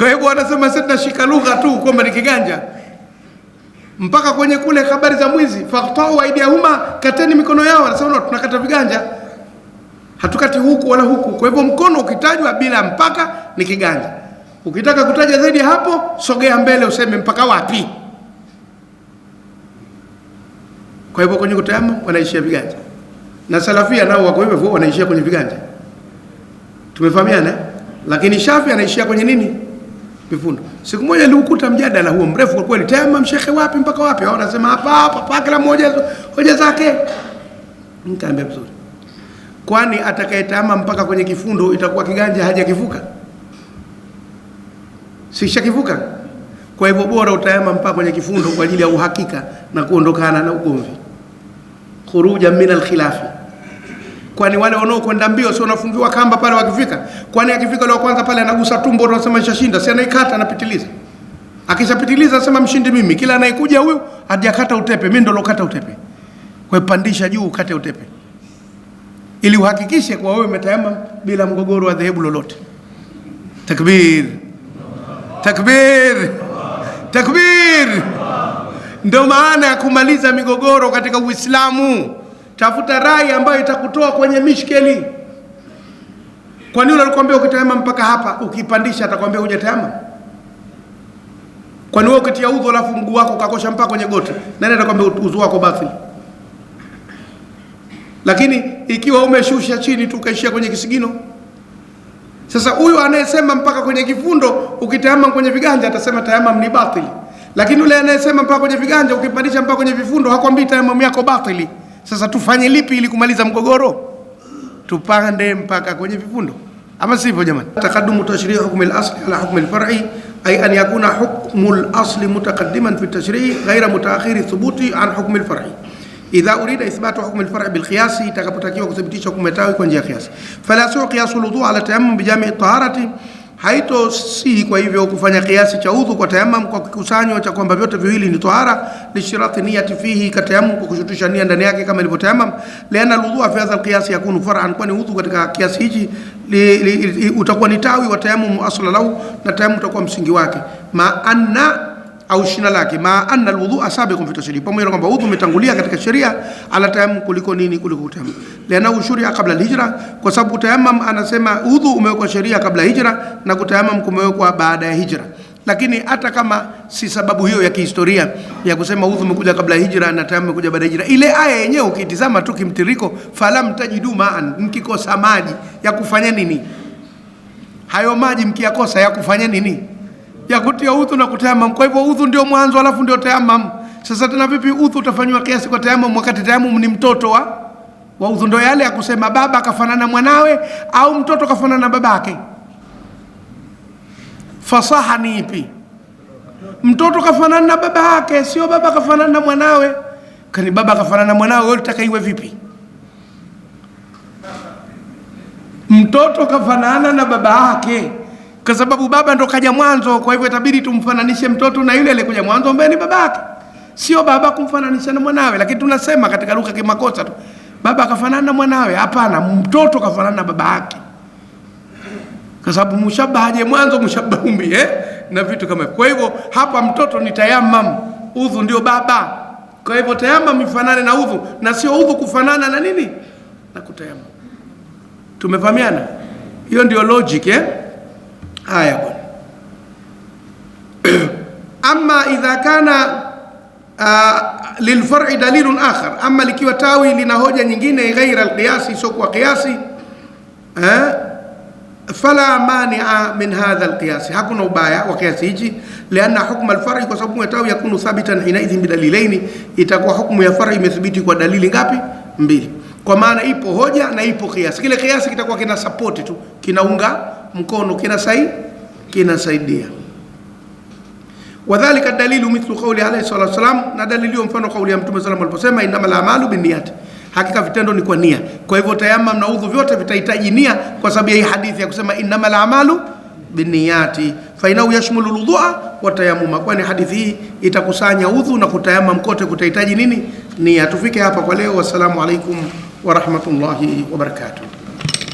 Kwa hiyo anasema sisi tunashika lugha tu kwamba ni kiganja, mpaka kwenye kule habari za mwizi, faqtau aidiahuma, kateni mikono yao. Anasema tunakata viganja, hatukati huku wala huku. Kwa hivyo mkono ukitajwa bila mpaka ni kiganja. Ukitaka kutaja zaidi hapo, sogea mbele, useme mpaka wapi. Kwa hivyo kwenye kutayama wanaishia viganja, na salafia nao wako hivyo, wanaishia kwenye viganja. Tumefahamiana, lakini shafi anaishia kwenye nini? Mivundo. Siku moja nilikuta mjadala huo mrefu kwa kweli, tema mshehe wapi mpaka wapi, hao nasema hapa hapa pa kila mmoja hoja zake. Nikaambia vizuri, kwani atakayetama mpaka kwenye kifundo itakuwa kiganja hajakivuka? Sishakivuka. Kwa hivyo bora utayama mpaka kwenye kifundo kwa ajili ya uhakika na kuondokana na ugomvi, khuruja min alkhilafi Kwani wale wanaokwenda mbio sio wanafungiwa kamba pale wakifika? Kwani akifika leo kwanza pale anagusa tumbo anasema ishashinda, si anaikata anapitiliza. Akishapitiliza anasema mshindi mimi. Kila anayekuja huyu hajakata utepe, mimi ndo lokata utepe. Kwa pandisha juu ukate utepe. Ili uhakikishe kwa wewe umetayama bila mgogoro wa dhehebu lolote. Takbir. Takbir. Takbir. Ndio maana ya kumaliza migogoro katika Uislamu tafuta rai ambayo itakutoa kwenye mishkeli. Kwa nini alikwambia ukitema mpaka hapa, ukipandisha atakwambia hujatema? Kwa nini wewe ukitia udhu alafu mguu wako ukakosha mpaka kwenye goti, nani atakwambia udhu wako batili? Lakini ikiwa umeshusha chini tu ukaishia kwenye kisigino, sasa huyu anayesema mpaka kwenye kifundo ukitema kwenye viganja atasema tayamam ni batili, lakini yule anayesema mpaka kwenye viganja ukipandisha mpaka kwenye vifundo hakwambii tayamam yako batili. Sasa tufanye lipi ili kumaliza mgogoro? Tupande mpaka kwenye vifundo, ama sivyo jamani? Taqaddumu tashrii hukm al-asli ala hukm al-far'i ay an yakuna hukmu al-asli mutaqaddiman fi at-tashrii ghayra mutaakhiri thubuti an hukm al-far'i idha urida ithbatu hukm al-far'i bil qiyas, itakapotakiwa kuthibitisha hukumu ya tawi kwa njia ya qiyas. Fala yasihu al wudu ala tayammum bi jami' at-taharati haitosihi kwa hivyo kufanya kiasi cha udhu kwa tayamam kwa kikusanyo cha kwamba vyote viwili ni tohara, lishirati niyati fihi katayamum, kwa kushutusha nia ndani yake kama ilivyo tayamam. Liana ludhu fi hadha alqiyas yakunu far'an, kwani udhu katika kiasi hichi utakuwa ni tawi wa tayamum asla lahu, na tayamum utakuwa msingi wake anna au shina lake, ma anna alwudhu asabiqun fi tashri, pamoja na kwamba udhu umetangulia katika sheria. Ala tayammum, kuliko nini? Kuliko tayammum. lana ushuri kabla alhijra, kwa sababu tayammum, anasema udhu umewekwa sheria kabla hijra, na kutayammum kumewekwa baada ya hijra. Lakini hata kama si sababu hiyo ya kihistoria ya kusema udhu umekuja kabla ya hijra na tayammum umekuja baada ya hijra, ile aya yenyewe ukitizama tu kimtiriko, falam tajidu maan, mkikosa maji ya kufanya nini? Hayo maji mkiyakosa ya kufanya nini? ya kutia udhu na kutayamam. Kwa hivyo udhu ndio mwanzo, alafu ndio tayamam. Sasa tena vipi udhu utafanywa kiasi kwa tayamam, wakati tayamam ni mtoto wa wa udhu? Ndio yale ya kusema baba akafanana mwanawe au mtoto kafanana babake. Fasaha ni ipi? Mtoto kafanana na baba yake, sio baba kafanana na mwanawe. Kani baba kafanana na mwanawe, wewe utaka iwe vipi? Mtoto kafanana na baba yake kwa sababu baba ndo kaja mwanzo. Kwa hivyo itabidi tumfananishe mtoto na yule aliyekuja mwanzo ambaye ni babake, sio baba kumfananisha na mwanawe. Lakini tunasema katika lugha kimakosa tu, baba akafanana na mwanawe. Hapana, mtoto kafanana na baba yake, kwa sababu mushabahaje mwanzo, mushabaha umbi eh, na vitu kama hivyo. Kwa hivyo hapa mtoto ni tayamam, udhu ndio baba. Kwa hivyo tayamam ifanane na udhu na sio udhu kufanana na nini na kutayamam. Tumefahamiana? Hiyo ndio logic eh? Haya bwana. Amma idha kana uh, lilfar'i dalilun akhar, ama likiwa tawi lina hoja nyingine ghaira alqiyasi, isiokuwa eh? fala mania min hadha alqiyasi, hakuna ubaya wa kiasi hichi. Lianna hukma alfar'i, kwa sababu tawi yakunu thabitan hinaidhin bidalilaini, itakuwa hukumu ya far'i imethibiti kwa dalili ngapi? Mbili. Kwa maana ipo hoja na ipo kiasi. Kile kiasi kitakuwa kina support tu, kinaunga mkono kinasai kinasaidia. Wadhalika dalilu mithlu qawli alayhi salatu wasalam, na dalili hiyo mfano kauli ya Mtume sallallahu alayhi wasallam, innamal a'malu binniyat, hakika vitendo ni kwa nia. Kwa hivyo tayamam na udhu vyote vitahitaji nia, kwa sababu ya hii hadithi ya kusema innamal a'malu binniyati fainahu yashmulu ludhua wa tayamuma, kwani hadithi hii itakusanya udhu na kutayamam kote kutahitaji nini? Nia. Tufike hapa kwa leo. Wassalamu alaikum wa rahmatullahi wa barakatuh.